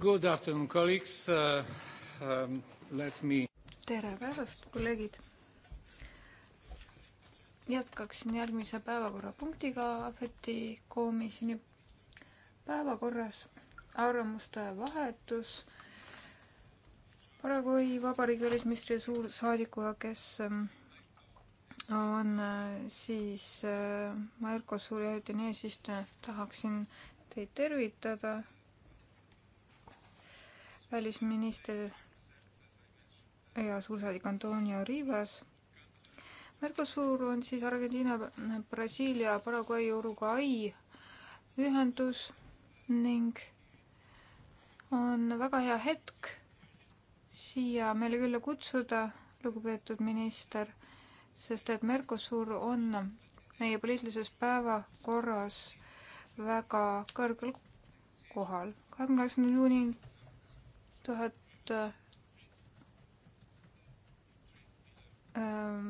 Good afternoon, colleagues. Uh, um, let me... tere päevast, kolleegid. jätkaksin järgmise päevakorrapunktiga Ahveti komisjoni päevakorras arvamuste vahetus Paraguay vabariigi välisministri suursaadikuga, kes ähm, on äh, siis äh, Marko Suur ja Jüri Neesist, tahaksin teid tervitada välisminister ja suursaadik Antonio Rivas. Mercosur on siis Argentiina, Brasiilia, Paraguay, Uruguay ühendus ning on väga hea hetk siia meile külla kutsuda, lugupeetud minister, sest et Mercosur on meie poliitilises päevakorras väga kõrgel kohal. kahekümne kaheksandal juunil tuhat ähm,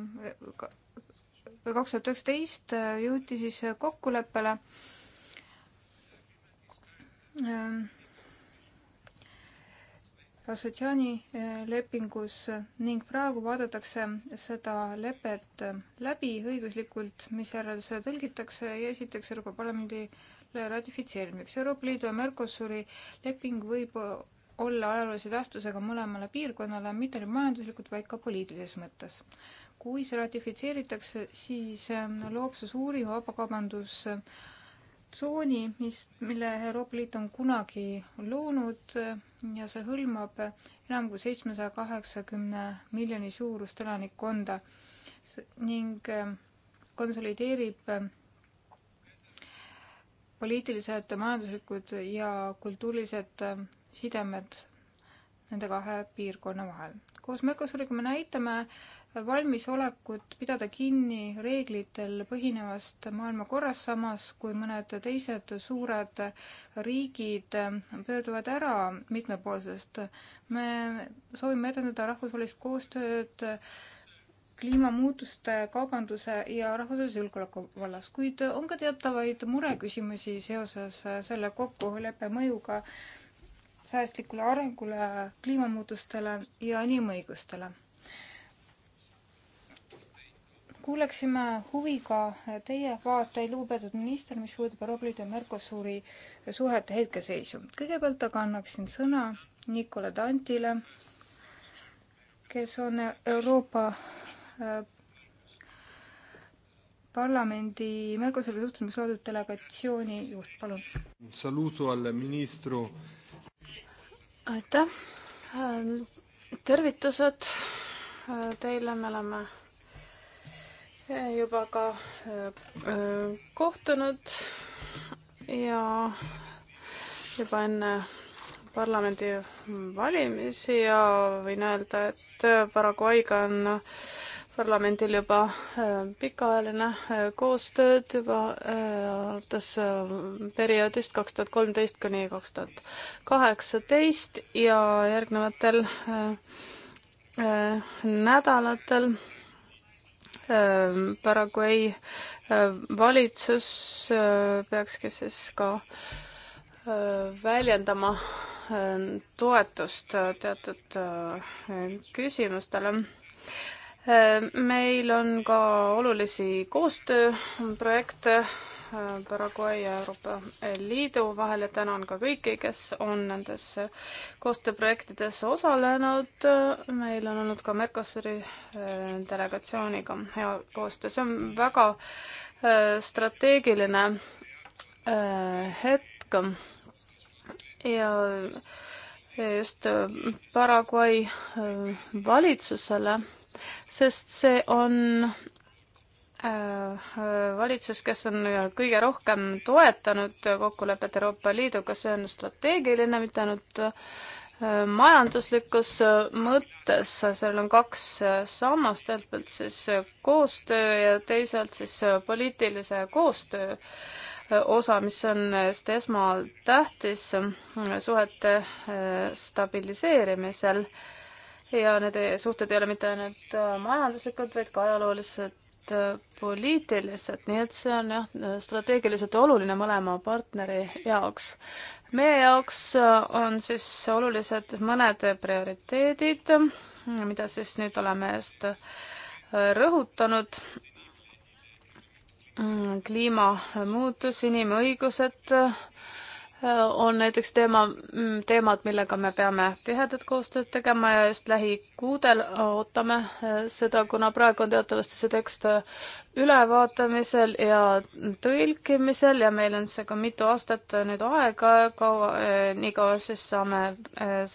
kaks tuhat üheksateist äh, jõuti siis äh, kokkuleppele ähm, assotsiaani äh, lepingus ning praegu vaadatakse seda lepet läbi õiguslikult, misjärel see tõlgitakse ja esitatakse Euroopa Parlamendile ratifitseerimiseks. Euroopa Liidu ja Mercosuri leping võib olla ajaloolise tähtsusega mõlemale piirkonnale, mitte ainult majanduslikult, vaid ka poliitilises mõttes. kui see ratifitseeritakse, siis ähm, loob see suurima vabakaubandustsooni, mis, mille Euroopa Liit on kunagi loonud äh, ja see hõlmab enam kui seitsmesaja kaheksakümne miljoni suurust elanikkonda ning ähm, konsolideerib ähm, poliitilised, majanduslikud ja kultuurilised sidemed nende kahe piirkonna vahel. koos Mercosuriga me näitame valmisolekut pidada kinni reeglitel põhinevast maailmakorrast, samas kui mõned teised suured riigid pöörduvad ära mitmepoolsest. me soovime edendada rahvusvahelist koostööd kliimamuutuste, kaubanduse ja rahvusvahelise julgeoleku vallas, kuid on ka teatavaid mureküsimusi seoses selle kokkuleppe mõjuga äh, säästlikule arengule, kliimamuutustele ja inimõigustele. kuuleksime huviga teie vaateid, lugupeetud minister, mis puudutab Euroopa Liidu ja Mercosuri suhete hetkeseisu. kõigepealt aga annaksin sõna Nicola Dantile, kes on Euroopa äh, Parlamendi Mercosuri suhtlemisloodud delegatsiooni juht, palun. saluto al ministro aitäh. Äh, tervitused äh, teile, me oleme äh, juba ka kohtunud ja juba enne parlamendivalimisi ja võin öelda, et Paraguayga on parlamendil juba äh, pikaajaline äh, koostööd juba äh, alates perioodist kaks tuhat kolmteist kuni kaks tuhat kaheksateist ja järgnevatel nädalatel Paraguay valitsus peakski siis ka väljendama toetust teatud küsimustele. Äh, meil on ka olulisi koostööprojekte äh, Paraguay ja Euroopa Liidu vahel ja tänan ka kõiki, kes on nendes koostööprojektides osalenud. meil on olnud ka Mercosuri äh, delegatsiooniga hea koostöö, see on väga strateegiline hetk ja just Paraguay valitsusele sest see on äh, valitsus, kes on kõige rohkem toetanud kokkulepet Euroopa Liiduga, see on strateegiline, mitte ainult äh, majanduslikus äh, mõttes, seal on kaks sammast, ühelt poolt siis koostöö ja teisalt siis poliitilise koostöö osa, mis on esmatähtis suhete stabiliseerimisel ja need suhted ei ole mitte ainult äh, majanduslikud, vaid ka ajaloolised, äh, poliitilised, nii et see on jah, strateegiliselt oluline mõlema partneri jaoks. meie jaoks äh, on siis olulised mõned prioriteedid, mida siis nüüd oleme just rõhutanud. Mm, kliimamuutus, inimõigused Äh, on näiteks teema, mm, teemad, millega me peame tihedat koostööd tegema ja just lähikuudel ootame äh, seda, kuna praegu on teatavasti see tekst äh, ülevaatamisel ja tõlkimisel ja meil on see ka mitu aastat nüüd aega, kaua, nii kaua siis saame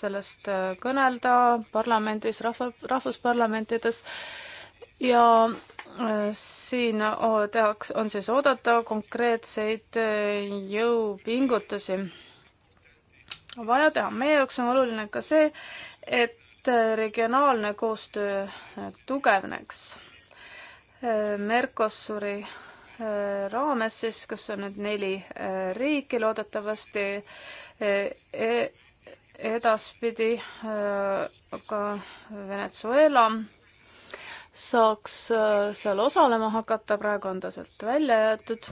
sellest kõnelda parlamendis, rahva, rahvusparlamentides ja Äh, siin tehakse, on siis oodata konkreetseid äh, jõupingutusi vaja teha. meie jaoks on oluline ka see, et äh, regionaalne koostöö tugevneks. Mercosuri raames siis, kus on nüüd neli riiki loodetavasti e edaspidi ka Venezuela saaks äh, seal osalema hakata, praegu on ta sealt välja jäetud.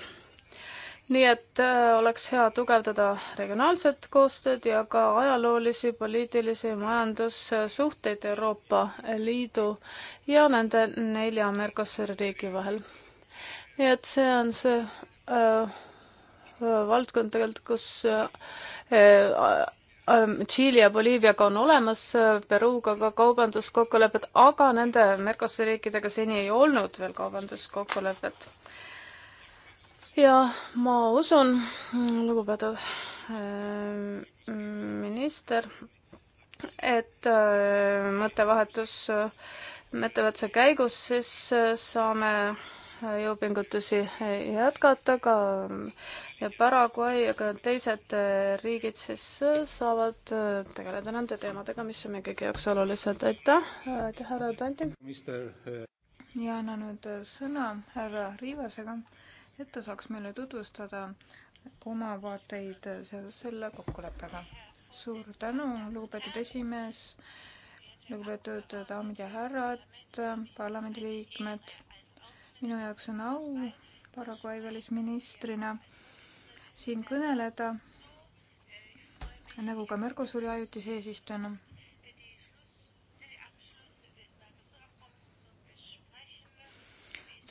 nii et äh, oleks hea tugevdada regionaalset koostööd ja ka ajaloolisi, poliitilisi, majandussuhteid Euroopa Liidu ja nende nelja Mercosuri riigi vahel. nii et see on see öö, äh, öö, valdkond tegelikult, kus öö, Ähm, Tšiili ja Boliiviaga on olemas äh, Peruuga ka kaubanduskokkulepped, aga nende Mercosuri riikidega seni ei olnud veel kaubanduskokkulepet. ja ma usun, lugupeetav äh, minister, et äh, mõttevahetus ettevõtluse käigus siis saame jõupingutusi jätkata, ka Paraguay ja ka teised riigid siis saavad tegeleda nende teemadega, mis on meie kõigi jaoks olulised. aitäh, aitäh, härra Tantin! Eh, ja annan nüüd sõna härra Riivasega, et ta saaks meile tutvustada oma vaateid seoses selle kokkuleppega. suur tänu, lugupeetud esimees, lugupeetud daamid ja härrad, parlamendiliikmed minu jaoks on au Paraguay välisministrina siin kõneleda, nagu ka Mercosuri ajutise eesistujana.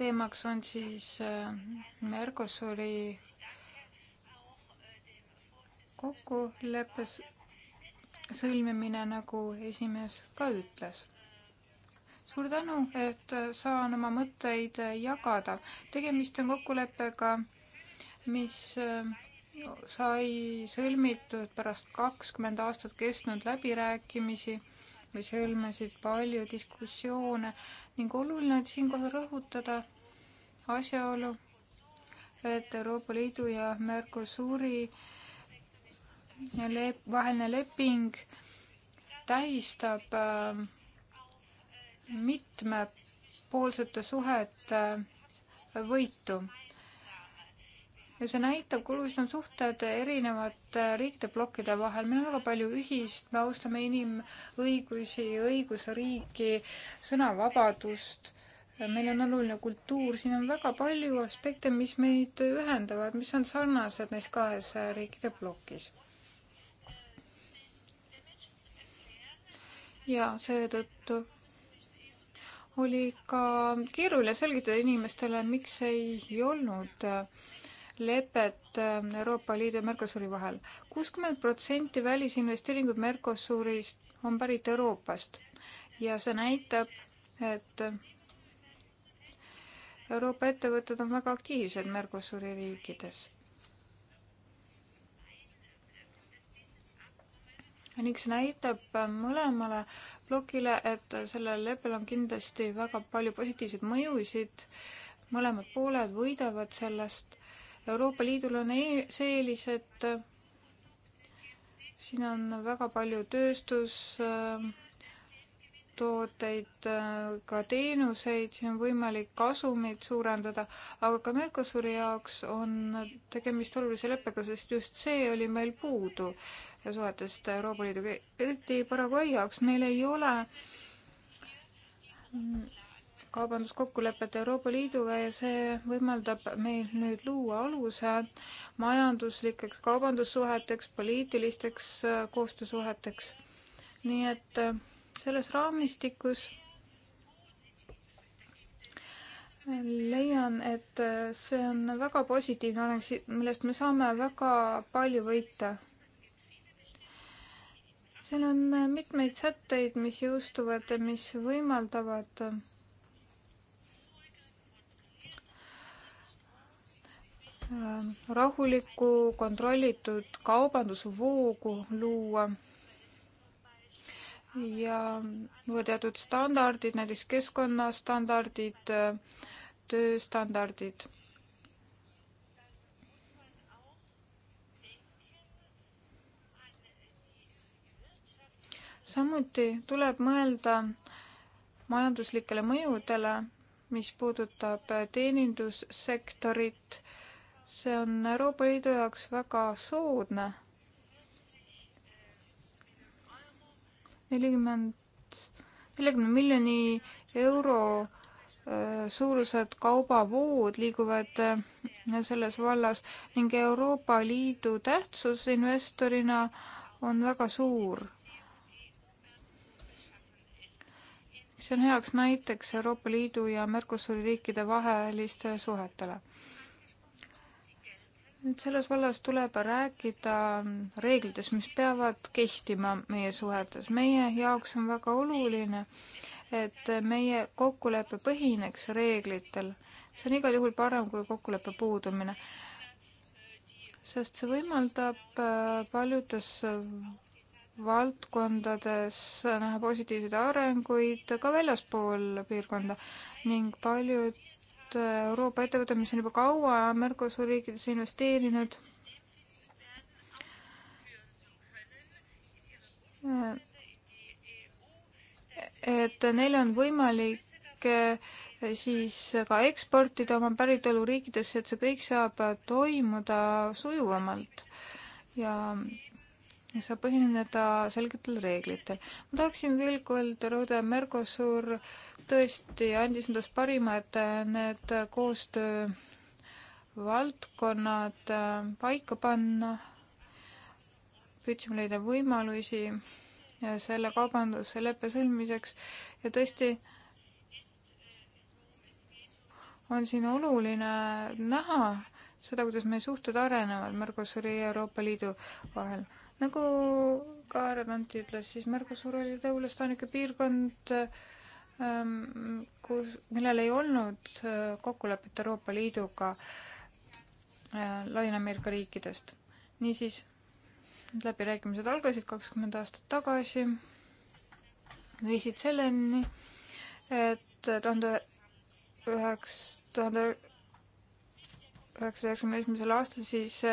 teemaks on siis äh, Mercosuri kokkuleppes sõlmimine, nagu esimees ka ütles suur tänu, et saan oma mõtteid jagada. tegemist on kokkuleppega, mis äh, sai sõlmitud pärast kakskümmend aastat kestnud läbirääkimisi, mis hõlmasid palju diskussioone ning oluline on siinkohal rõhutada asjaolu, et Euroopa Liidu ja Mercosuri lep vaheline leping tähistab äh, mitmepoolsete suhete võitu. ja see näitab, kui olulised on suhted erinevate riikide plokkide vahel. meil on väga palju ühist, me austame inimõigusi, õigusriiki, sõnavabadust, meil on oluline kultuur, siin on väga palju aspekte, mis meid ühendavad, mis on sarnased neis kahes riikide plokis ja seetõttu oli ka keeruline selgitada inimestele, miks ei olnud äh, lepet äh, Euroopa Liidu ja Mercosuri vahel. kuuskümmend protsenti välisinvesteeringuid Mercosurist on pärit Euroopast ja see näitab, et äh, Euroopa ettevõtted on väga aktiivsed Mercosuri riikides ning see näitab mõlemale plokile, et sellel leppel on kindlasti väga palju positiivseid mõjusid, mõlemad pooled võidavad sellest. Euroopa Liidul on e see eelis, et siin on väga palju tööstus äh,, tooteid, äh, ka teenuseid, siin on võimalik kasumit suurendada, aga ka Mercosuri jaoks on tegemist olulise leppega, sest just see oli meil puudu suhetest Euroopa Liiduga, eriti Paraguay jaoks meil ei ole kaubanduskokkulepet Euroopa Liiduga ja see võimaldab meil nüüd luua aluse majanduslikeks kaubandussuheteks, poliitilisteks äh, koostöösuheteks. nii et äh, selles raamistikus leian, et see on väga positiivne areng, millest me saame väga palju võita. seal on mitmeid sätteid, mis jõustuvad ja mis võimaldavad rahulikku kontrollitud kaubandusvoogu luua ja luua teatud standardid, näiteks keskkonnastandardid, tööstandardid. samuti tuleb mõelda majanduslikele mõjudele, mis puudutab teenindussektorit. see on Euroopa Liidu jaoks väga soodne nelikümmend, neljakümne miljoni euro äh, suurused kaubavood liiguvad äh, selles vallas ning Euroopa Liidu tähtsus investorina on väga suur. see on heaks näiteks Euroopa Liidu ja Mercosuri riikide vaheliste suhetele selles vallas tuleb rääkida reeglitest, mis peavad kehtima meie suhetes. meie jaoks on väga oluline, et meie kokkulepe põhineks reeglitel. see on igal juhul parem kui kokkuleppe puudumine, sest see võimaldab äh, paljudes valdkondades näha positiivseid arenguid ka väljaspool piirkonda ning paljud olnud äh, Euroopa ettevõte, mis on juba kaua Mercosuri riikidesse investeerinud. Äh, et neil on võimalik äh, siis ka eksportida oma päritoluriikidesse, et see kõik saab toimuda sujuvamalt ja see põhineda selgetel reeglitel. ma tahaksin veel kord rõhuda, Mercosur tõesti andis endast parima, et need koostöövaldkonnad äh, paika panna. püüdsime leida võimalusi äh, selle kaubandusleppe sõlmimiseks ja tõesti on siin oluline näha seda, kuidas meie suhted arenevad Mercosuri ja Euroopa Liidu vahel nagu ka härra Tanti ütles, siis Mercosur oli tõepoolest ainuke piirkond, ähm, kus, millel ei olnud äh, kokkulepet Euroopa Liiduga äh, Ladina-Ameerika riikidest. niisiis, need läbirääkimised algasid kakskümmend aastat tagasi, viisid selleni, et tuhande üheks, tuhande üheksasaja üheksakümne esimesel aastal siis äh,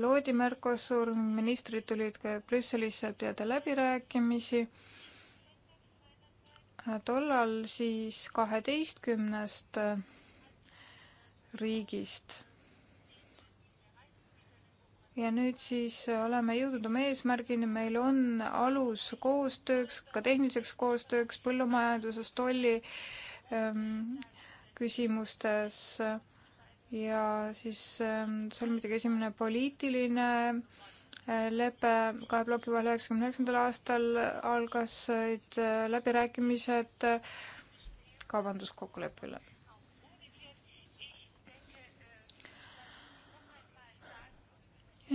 loodi Mercosur, ministrid tulid ka Brüsselisse peale läbirääkimisi. Äh, tollal siis kaheteistkümnest äh, riigist. ja nüüd siis äh, oleme jõudnud oma eesmärgini, meil on alus koostööks, ka tehniliseks koostööks põllumajanduses, tolli ähm, küsimustes äh, ja siis ähm, sõlmiti ka esimene poliitiline äh, lepe kahe ploki vahel üheksakümne üheksandal aastal algasid äh, läbirääkimised äh, kaubanduskokkuleppele.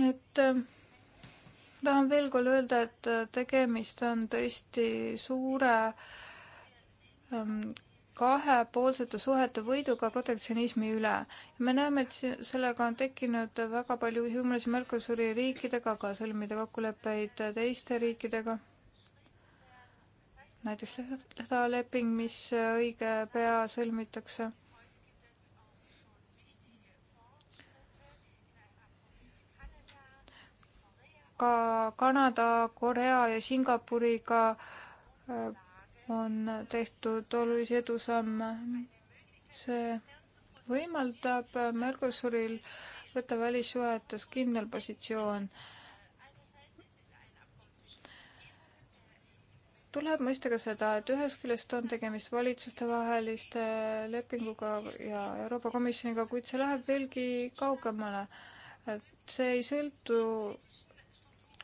et tahan veel kord öelda, et tegemist on tõesti suure ähm, kahepoolsete suhete võiduga protektsionismi üle. me näeme, et sellega on tekkinud väga palju uusi Mercosuri riikidega, ka sõlmida kokkuleppeid teiste riikidega. näiteks Leda leping, mis õige pea sõlmitakse. ka Kanada, Korea ja Singapuriga ka äh, on tehtud olulisi edusamme. see võimaldab Mercosuril võtta välissuhetes kindel positsioon. tuleb mõista ka seda, et ühest küljest on tegemist valitsustevaheliste lepinguga ja Euroopa Komisjoniga, kuid see läheb veelgi kaugemale. et see ei sõltu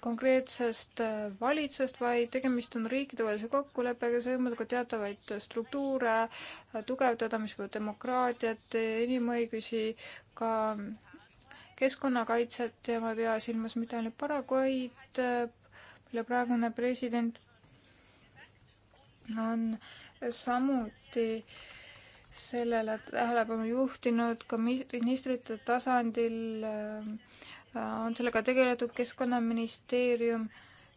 konkreetsest äh, valitsusest, vaid tegemist on riikidevahelise kokkuleppega, see võimaldab ka teatavaid struktuure äh, tugevdada, mis puudutab demokraatiat, inimõigusi, ka keskkonnakaitset ja ma ei pea silmas mitte ainult Paraguaid, äh, mille praegune president on samuti sellele tähelepanu juhtinud ka ministrite tasandil äh, on sellega tegeletud Keskkonnaministeerium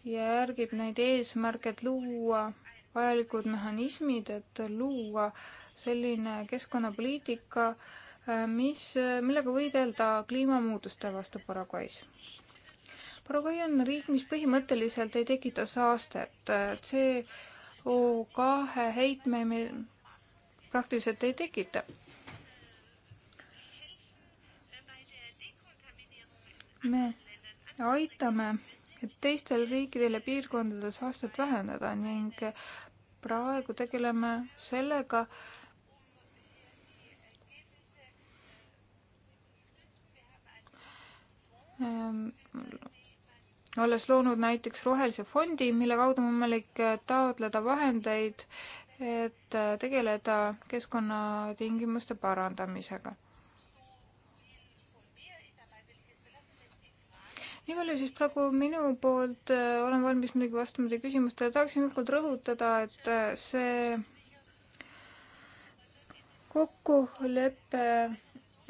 ja järgib neid eesmärke, et luua vajalikud mehhanismid, et luua selline keskkonnapoliitika, mis, millega võidelda kliimamuutuste vastu Paraguay's. Paraguay on riik, mis põhimõtteliselt ei tekita saastet. CO2 heitme meil praktiliselt ei tekita me aitame teistel riikidel ja piirkondadel saastet vähendada ning praegu tegeleme sellega, ähm, olles loonud näiteks rohelise fondi, mille kaudu on võimalik taotleda vahendeid, et tegeleda keskkonnatingimuste parandamisega nii palju siis praegu minu poolt, äh, olen valmis muidugi vastama teie küsimustele, tahaksin veel kord rõhutada, et äh, see kokkulepe,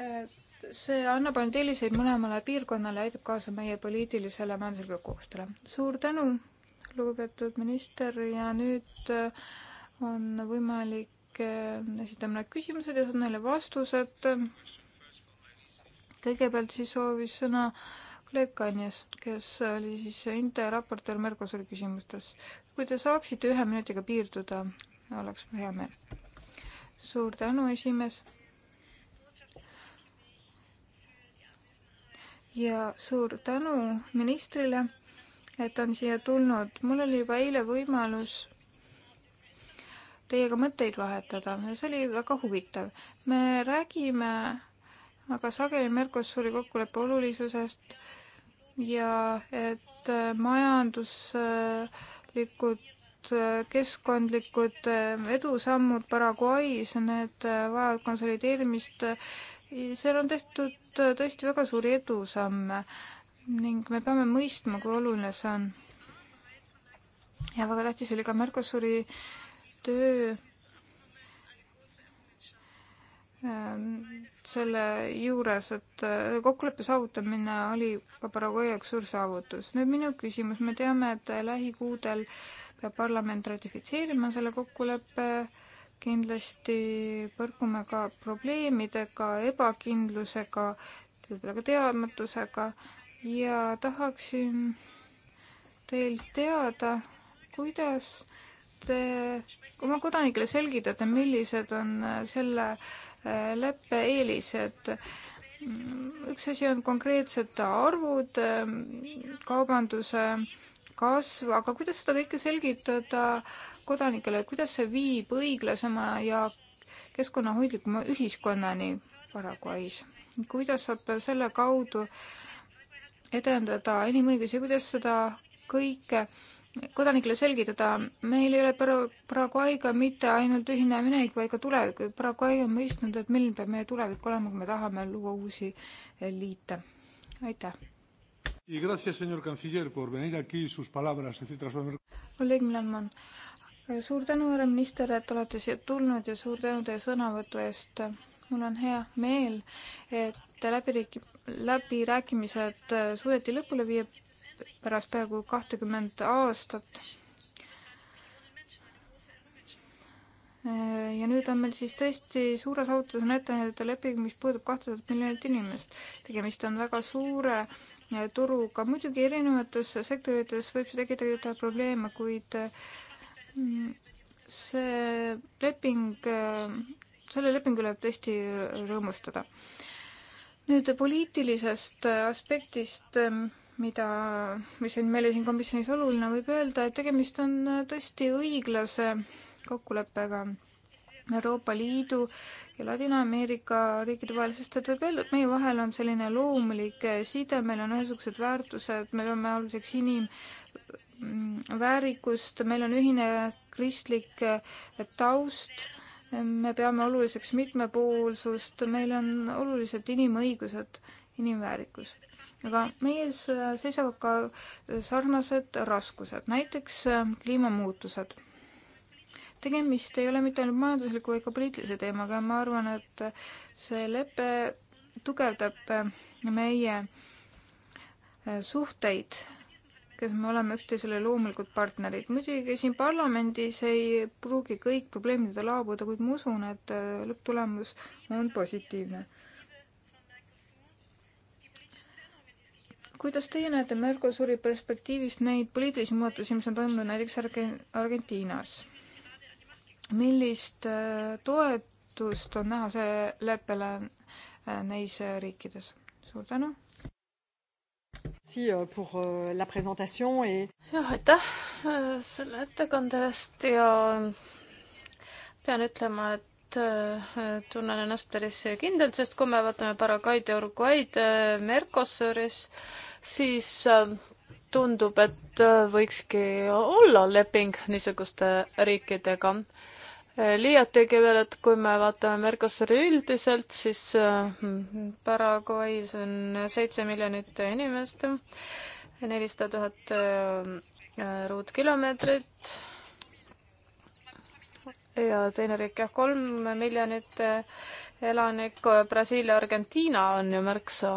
äh, see annab ainult eeliseid mõlemale piirkonnale ja aitab kaasa meie poliitilisele majanduslikule koostööle. suur tänu, lugupeetud minister, ja nüüd on võimalik esitame need küsimused ja saan neile vastused. kõigepealt siis soovis sõna äh, kolleeg Kanjas, kes oli siis interraportöör Mercosuri küsimustes. kui te saaksite ühe minutiga piirduda, oleks mul hea meel. suur tänu, esimees. ja suur tänu ministrile, et on siia tulnud. mul oli juba eile võimalus teiega mõtteid vahetada ja see oli väga huvitav. me räägime aga sageli Mercosuri kokkuleppe olulisusest ja et majanduslikud keskkondlikud edusammud Paraguay's, need vajavad konsolideerimist. seal on tehtud tõesti väga suuri edusamme ning me peame mõistma, kui oluline see on. ja väga tähtis oli ka Mercosuri töö Ähm, selle juures, et äh, kokkuleppe saavutamine oli ka Paraguay jaoks suur saavutus. nüüd minu küsimus, me teame, et lähikuudel peab parlament ratifitseerima selle kokkuleppe, kindlasti põrkume ka probleemidega, ebakindlusega, võib-olla ka teadmatusega ja tahaksin teilt teada, kuidas te oma kodanikele selgitate, millised on äh, selle leppe eelised. üks asi on konkreetsed arvud, kaubanduse kasv, aga kuidas seda kõike selgitada kodanikele, kuidas see viib õiglasema ja keskkonnahoidlikuma ühiskonnani Paraguay's? kuidas saab selle kaudu edendada inimõigusi, kuidas seda kõike äh, kodanikele selgitada, meil ei ole praegu aega mitte ainult ühine minevik, vaid ka tulevik. praegu aeg on mõistnud, et milline peab meie tulevik olema, kui me tahame luua uusi liite. aitäh. Oleg Milanman, suur tänu, härra minister, et olete siia tulnud ja suur tänu teie sõnavõtu eest. mul on hea meel, et läbirääkimised läbi suudeti lõpule viia pärast peaaegu kahtekümmend aastat. ja nüüd on meil siis tõesti suures autos on ette näidata leping, mis puudub kahtesadat miljonit inimest. tegemist on väga suure eh, turuga, muidugi erinevates sektorites võib see tekitada probleeme, kuid mm, see leping, eh, selle lepingu üle võib tõesti rõõmustada. nüüd poliitilisest aspektist eh, mida, mis on meile siin komisjonis oluline, võib öelda, et tegemist on tõesti õiglase kokkuleppega Euroopa Liidu ja Ladina-Ameerika riikide vahel, sest et võib öelda, et meie vahel on selline loomulik side, meil on ühesugused väärtused, me peame aluseks inimväärikust, mm, meil on ühine kristlik taust, me peame oluliseks mitmepoolsust, meil on olulised inimõigused inimväärikus. aga meie ees seisavad ka sarnased raskused, näiteks äh, kliimamuutused. tegemist ei ole mitte ainult majandusliku, vaid ka poliitilise teemaga ja ma arvan, et see lepe tugevdab äh, meie äh, suhteid kes me oleme üksteisele loomulikud partnerid. muidugi siin parlamendis ei pruugi kõik probleemidele laabuda, kuid ma usun, et lõpptulemus on positiivne. kuidas teie näete Mercosuri perspektiivist neid poliitilisi muutusi, mis on toimunud näiteks Arge-, Argentiinas? millist äh, toetust on näha see leppele äh, neis äh, riikides? suur tänu! Euh, euh, jah, aitäh selle ettekande eest ja pean ütlema, et tunnen ennast päris kindlalt, sest kui me vaatame Paraguay'd ja Uruguay'd Mercosuris, siis ähm, tundub, et äh, võikski olla leping niisuguste riikidega. Äh, liiatigi veel, et kui me vaatame Mercosuri üldiselt, siis äh, Paraguay's on seitse miljonit inimest, nelisada tuhat ruutkilomeetrit ja teine riik jah, kolm miljonit elanikku. Brasiilia, Argentiina on ju märksa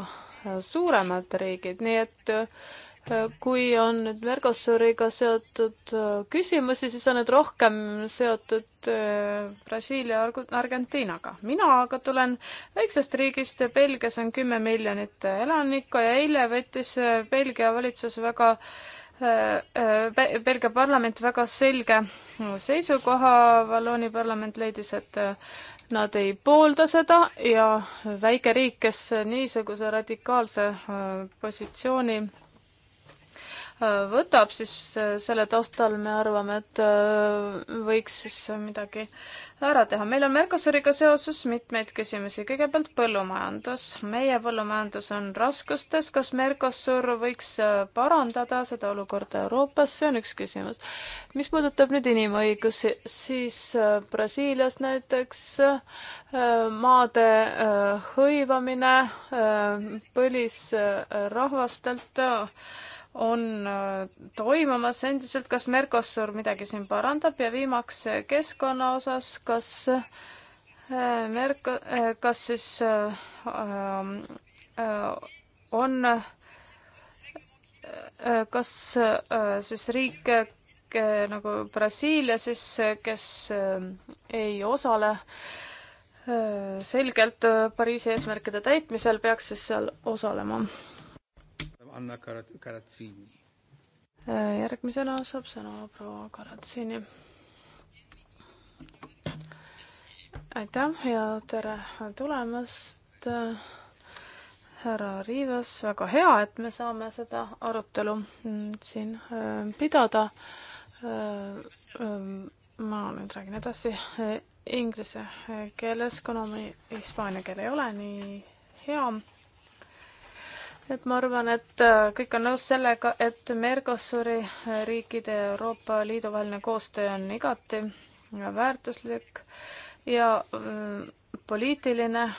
suuremad riigid, nii et äh, kui on nüüd Mercosuriga seotud äh, küsimusi, siis on need rohkem seotud äh, Brasiilia Argentiinaga. mina aga tulen väiksest riigist, Belgias on kümme miljonit elanikku ja eile võttis Belgia valitsus väga Belgia parlament väga selge seisukoha, Valooni parlament leidis, et Nad ei poolda seda ja väike riik, kes niisuguse radikaalse äh, positsiooni võtab, siis äh, selle taustal me arvame, et äh, võiks siis midagi ära teha. meil on Mercosuriga seoses mitmeid küsimusi. kõigepealt põllumajandus. meie põllumajandus on raskustes. kas Mercosur võiks äh, parandada seda olukorda Euroopas? see on üks küsimus. mis puudutab nüüd inimõigusi, siis Brasiilias näiteks maade hõivamine põlisrahvastelt on äh, toimumas endiselt, kas Mercosur midagi siin parandab ja viimaks äh, keskkonna osas, kas äh, Merco-, kas siis on, kas siis riik nagu Brasiilia siis, kes ei osale selgelt Pariisi eesmärkide täitmisel, peaks siis seal osalema? Anna Karatsini. järgmisena saab sõna proua Karatsini. aitäh ja tere tulemast, härra Riivas, väga hea, et me saame seda arutelu siin äh, pidada. Äh, äh, ma nüüd räägin edasi inglise keeles, kuna me hispaania keel ei ole nii hea et ma arvan, et äh, kõik on nõus sellega, et Mercosuri äh, riikide ja Euroopa Liidu vaheline koostöö on igati väärtuslik ja mm, poliitiline äh,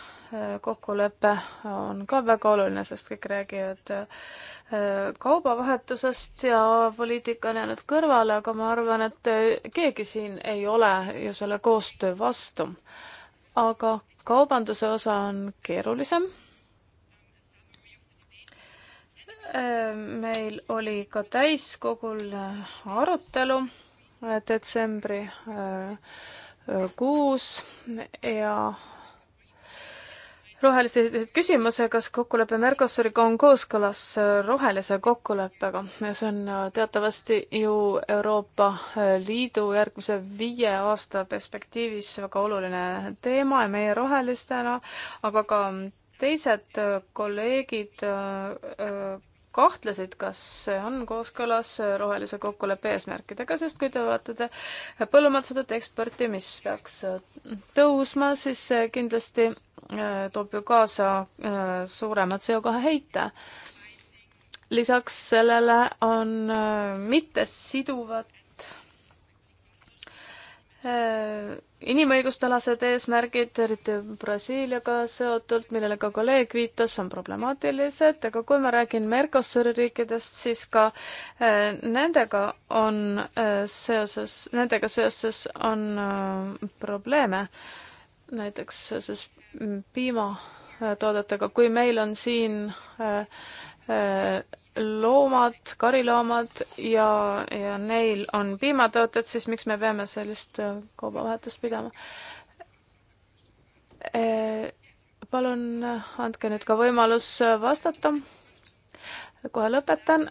kokkulepe on ka väga oluline, sest kõik räägivad kaubavahetusest ja poliitika on jäänud kõrvale, aga ma arvan, et keegi siin ei ole ju selle koostöö vastu. aga kaubanduse osa on keerulisem meil oli ka täiskogul arutelu äh, detsembri äh, äh, kuus ja rohelised küsimuse, kas kokkulepe Mercosuriga on kooskõlas rohelise kokkuleppega ja see on teatavasti ju Euroopa Liidu järgmise viie aasta perspektiivis väga oluline teema ja meie rohelistena, aga ka teised kolleegid kahtlesid, kas see on kooskõlas rohelise kokkuleppe eesmärkidega, sest kui te vaatate põllumajandusõdade eksporti, mis peaks tõusma, siis see kindlasti äh, toob ju kaasa äh, suurema CO2 heite. lisaks sellele on äh, mittesiduvad Äh, inimõigustalased eesmärgid, eriti Brasiiliaga seotult, millele ka kolleeg viitas, on problemaatilised, aga kui ma räägin Mercosuri riikidest, siis ka äh, nendega on äh, seoses, nendega seoses on probleeme. näiteks seoses piimatoodetega, kui meil on siin loomad, kariloomad ja, ja neil on piimatooted, siis miks me peame sellist äh, kaubavahetust pidama? Äh, palun äh, andke nüüd ka võimalus vastata. kohe lõpetan.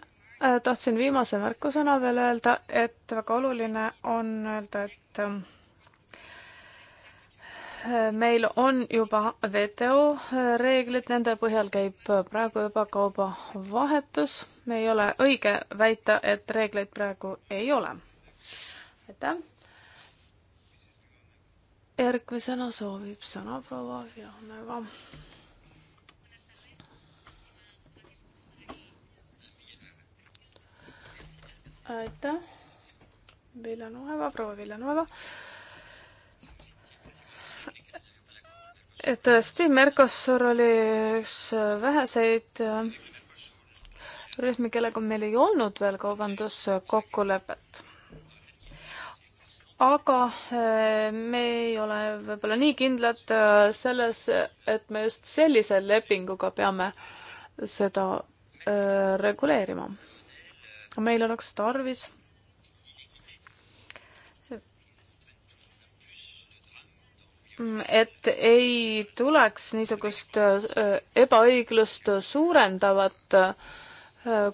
tahtsin viimase märkusena veel öelda, et väga oluline on öelda, et ähm, meil on juba WTO reeglid, nende põhjal käib praegu juba kaubavahetus. ei ole õige väita, et reegleid praegu ei ole. aitäh. järgmisena soovib sõna proua Vjaneva. aitäh. Villanueva, proua Villanueva et tõesti, Mercosur oli üks väheseid äh, rühmi, kellega meil ei olnud veel kaubanduskokkulepet. aga äh, me ei ole võib-olla nii kindlad äh, selles, et me just sellise lepinguga peame seda reguleerima. meil oleks tarvis et ei tuleks niisugust äh, ebaõiglust suurendavat äh,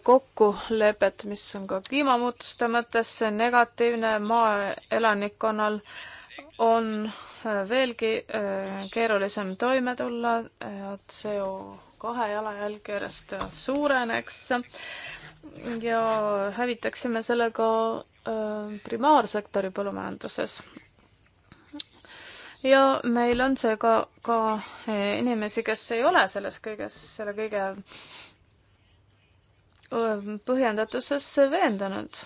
kokkulepet, mis on ka kliimamuutuste mõttes negatiivne, maaelanikkonnal on äh, veelgi keerulisem toime tulla, CO kahe jalajälg järjest suureneks ja hävitaksime sellega primaarsektori põllumajanduses ja meil on seega ka, ka eh, inimesi, kes ei ole selles kõiges, selle kõige põhjendatuses veendunud.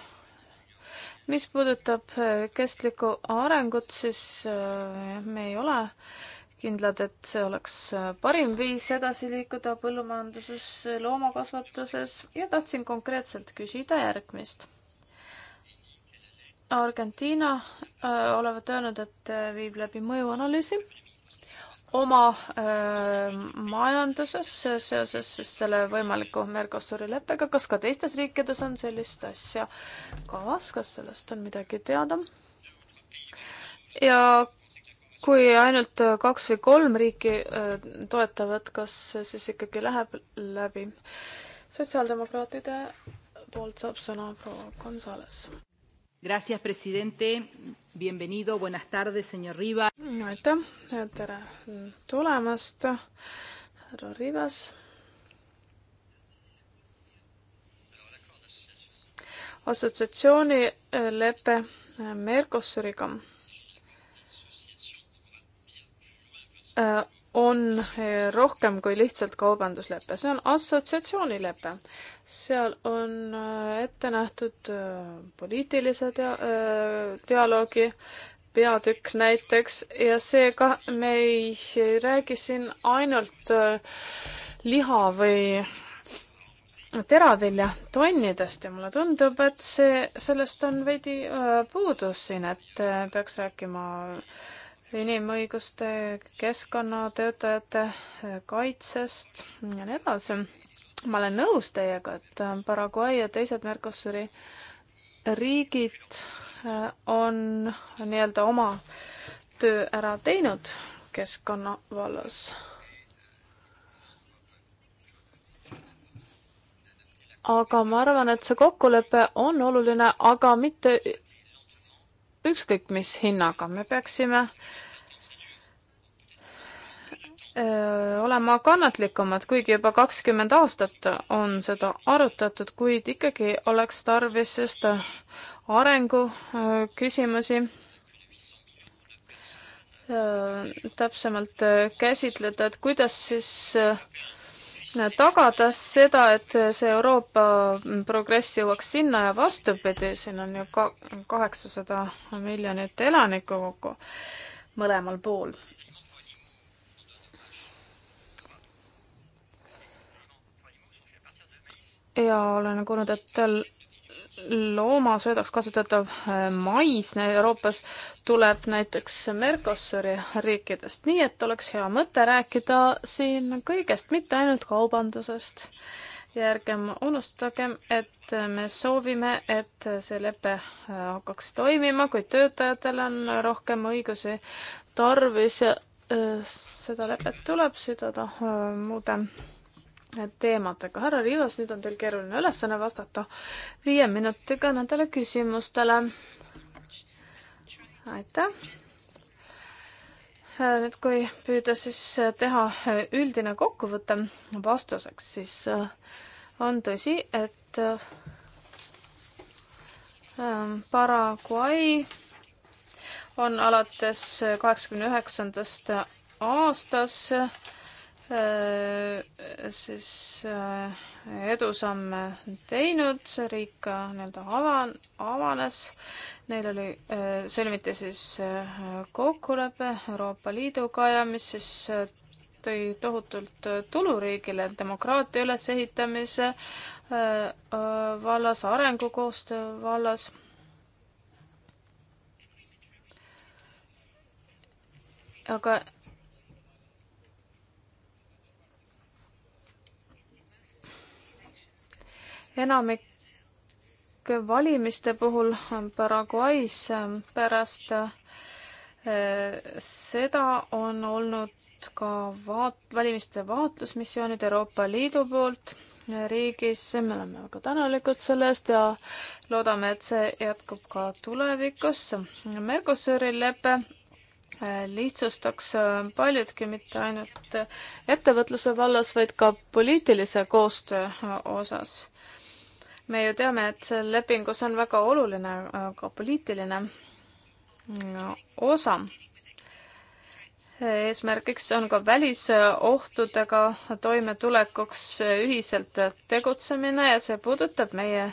mis puudutab eh, kestlikku arengut, siis eh, me ei ole kindlad, et see oleks parim viis edasi liikuda põllumajanduses, loomakasvatuses ja tahtsin konkreetselt küsida järgmist Argentiina äh, olevat öelnud, et äh, viib läbi mõjuanalüüsi oma öö, äh, majanduses seoses siis selle võimaliku Mercosuri leppega. kas ka teistes riikides on sellist asja kavas, kas sellest on midagi teada? ja kui ainult kaks või kolm riiki öö, toetavad, kas siis ikkagi läheb läbi? sotsiaaldemokraatide poolt saab sõna proua Gonzales. Gracias, presidente. Bienvenido, buenas tardes, senor Riva. aitäh, tere tulemast, härra Rivas. assotsiatsiooni lepe Mercosuriga on eh, rohkem kui lihtsalt kaubanduslepe, see on assotsiatsioonilepe. seal on eh, ette nähtud eh, poliitilise dia-, dialoogi peatükk näiteks ja seega me ei räägi siin ainult liha või teravilja tonnidest ja mulle tundub, et see, sellest on veidi puudus siin, et peaks rääkima äh, inimõiguste, keskkonnatöötajate kaitsest ja nii edasi. ma olen nõus teiega, et Paraguay ja teised Mercosuri riigid äh, on nii-öelda oma töö ära teinud keskkonna vallas aga ma arvan, et see kokkulepe on oluline, aga mitte ükskõik mis hinnaga, me peaksime öö, olema kannatlikumad, kuigi juba kakskümmend aastat on seda arutatud, kuid ikkagi oleks tarvis just arengu öö, küsimusi öö, täpsemalt käsitleda, et kuidas siis tagada seda, et see Euroopa progress jõuaks sinna ja vastupidi, siin on ju ka kaheksasada miljonit elanikku kokku mõlemal pool. ja olen kuulnud, et loomasöödaks kasutatav äh, mais Euroopas tuleb näiteks Mercosuri riikidest, nii et oleks hea mõte rääkida siin kõigest, mitte ainult kaubandusest. ja ärgem unustagem, et me soovime, et see lepe äh, hakkaks toimima, kui töötajatel on rohkem õigusi tarvis ja äh, seda lepet tuleb sidada muude teemadega. härra Rivas, nüüd on teil keeruline ülesanne vastata viie minutiga nendele küsimustele. aitäh. Äh, nüüd, kui püüda siis äh, teha äh, üldine kokkuvõte vastuseks, siis on tõsi, et ähm, Paraguay on alates kaheksakümne üheksandast aastas Äh, siis äh, edusamme teinud, see riik nii-öelda avan-, avanes, neil oli, äh, sõlmiti siis kokkulepe Euroopa Liiduga ja mis siis tõi tohutult tulu riigile demokraatia ülesehitamise vallas, arengukoostöö vallas aga enamik valimiste puhul Paraguay's ähm, pärast äh, seda on olnud ka vaat-, valimiste vaatlusmissioonid Euroopa Liidu poolt riigis, me oleme väga tänulikud selle eest ja loodame, et see jätkub ka tulevikus. Mercosuri lepe äh, lihtsustaks äh, paljudki mitte ainult ettevõtluse vallas, vaid ka poliitilise koostöö osas me ju teame, et seal lepingus on väga oluline ka poliitiline osa. eesmärgiks on ka välisohtudega toimetulekuks ühiselt tegutsemine ja see puudutab meie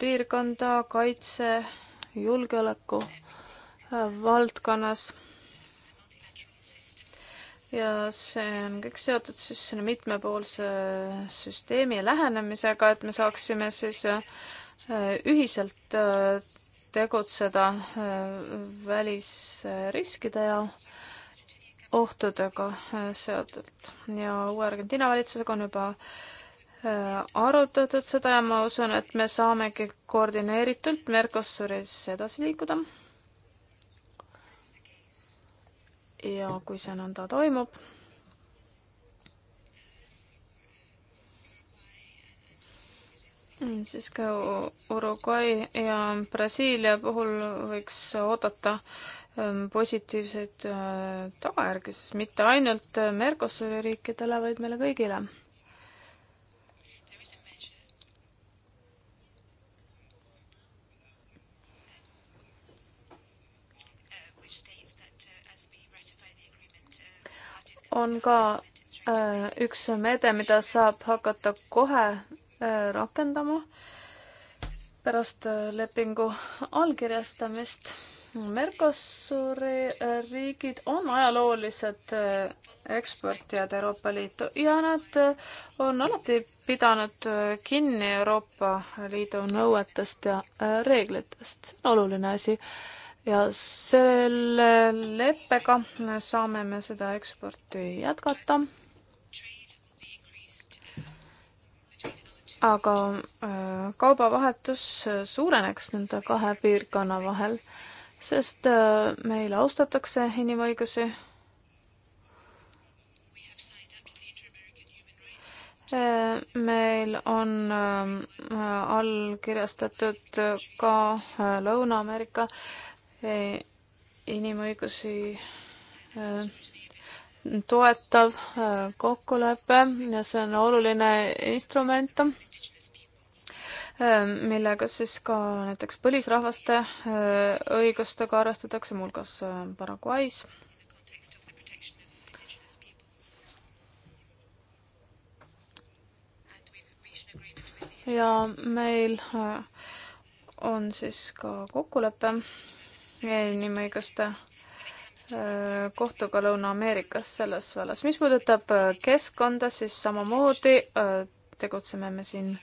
piirkonda kaitse, julgeoleku valdkonnas ja see on kõik seotud siis selle mitmepoolse süsteemi lähenemisega, et me saaksime siis äh, ühiselt äh, tegutseda äh, välisriskide ja ohtudega seotult ja uue Argentiina valitsusega on juba arutatud seda ja ma usun, et me saamegi koordineeritult Mercosuris edasi liikuda ja kui see nõnda toimub, mm, siis ka Uruguay ja Brasiilia puhul võiks oodata mm, positiivseid äh, tagajärgi, siis mitte ainult Mercosuri riikidele, vaid meile kõigile on ka äh, üks meede, mida saab hakata kohe äh, rakendama pärast äh, lepingu allkirjastamist. Mercosuri riigid on ajaloolised eksportijad Euroopa Liitu ja nad on alati pidanud kinni Euroopa Liidu nõuetest ja reeglitest. oluline asi ja selle leppega saame me seda eksporti jätkata. aga äh, kaubavahetus suureneks nende kahe piirkonna vahel, sest äh, meil austatakse inimõigusi äh, meil on allkirjastatud ka Lõuna-Ameerika inimõigusi äh, toetav äh, kokkulepe ja see on oluline instrument, äh, millega siis ka näiteks põlisrahvaste õigustega arvestatakse, muuhulgas Paraguay's. ja meil on siis ka kokkulepe nii ma ei kasta kohtuga Lõuna-Ameerikas selles vallas. mis puudutab äh, keskkonda, siis samamoodi äh, tegutseme me siin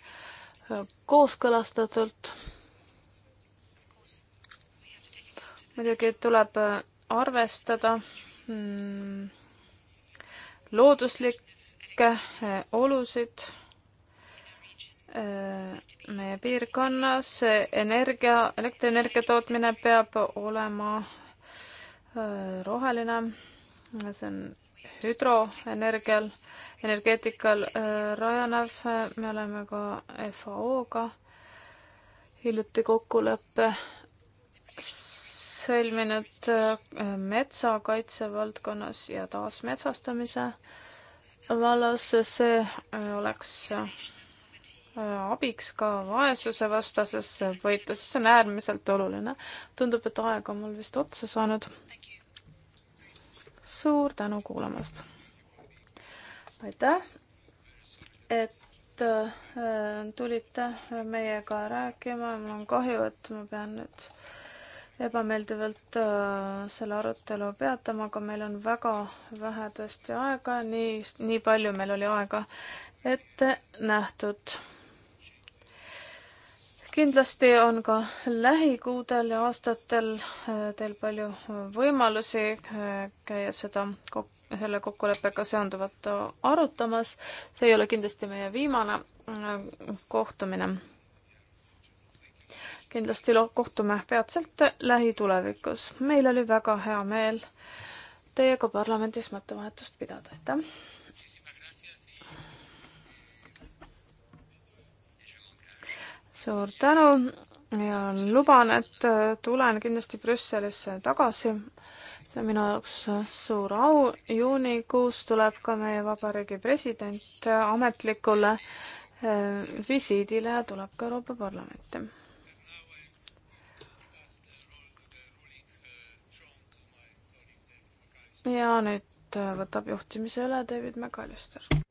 äh, kooskõlastatult. muidugi tuleb arvestada mm, looduslikke olusid Äh, meie piirkonnas energia, elektrienergia tootmine peab olema äh, roheline, see on hüdroenergial, energeetikal äh, rajanev, me oleme ka FAO-ga hiljuti kokkuleppe sõlminud metsakaitse valdkonnas ja taasmetsastamise vallas, see oleks abiks ka vaesusevastasesse võitlusse, see on äärmiselt oluline. tundub, et aeg on mul vist otsa saanud. suur tänu kuulamast! aitäh, et äh, tulite meiega rääkima, mul on kahju, et ma pean nüüd ebameeldivalt äh, selle arutelu peatama, aga meil on väga vähe tõesti aega, nii, nii palju meil oli aega ette nähtud kindlasti on ka lähikuudel ja aastatel äh, teil palju äh, võimalusi äh, käia seda kok-, selle kokkuleppega seonduvat arutamas. see ei ole kindlasti meie viimane kohtumine. kindlasti kohtume peatselt lähitulevikus. meil oli väga hea meel teiega parlamendis mõttevahetust pidada, aitäh! suur tänu ja luban, et äh, tulen kindlasti Brüsselisse tagasi. see on minu jaoks äh, suur au. juunikuus tuleb ka meie vabariigi president äh, ametlikule visiidile ja tuleb ka Euroopa Parlamenti. ja nüüd võtab juhtimise üle David McAllister.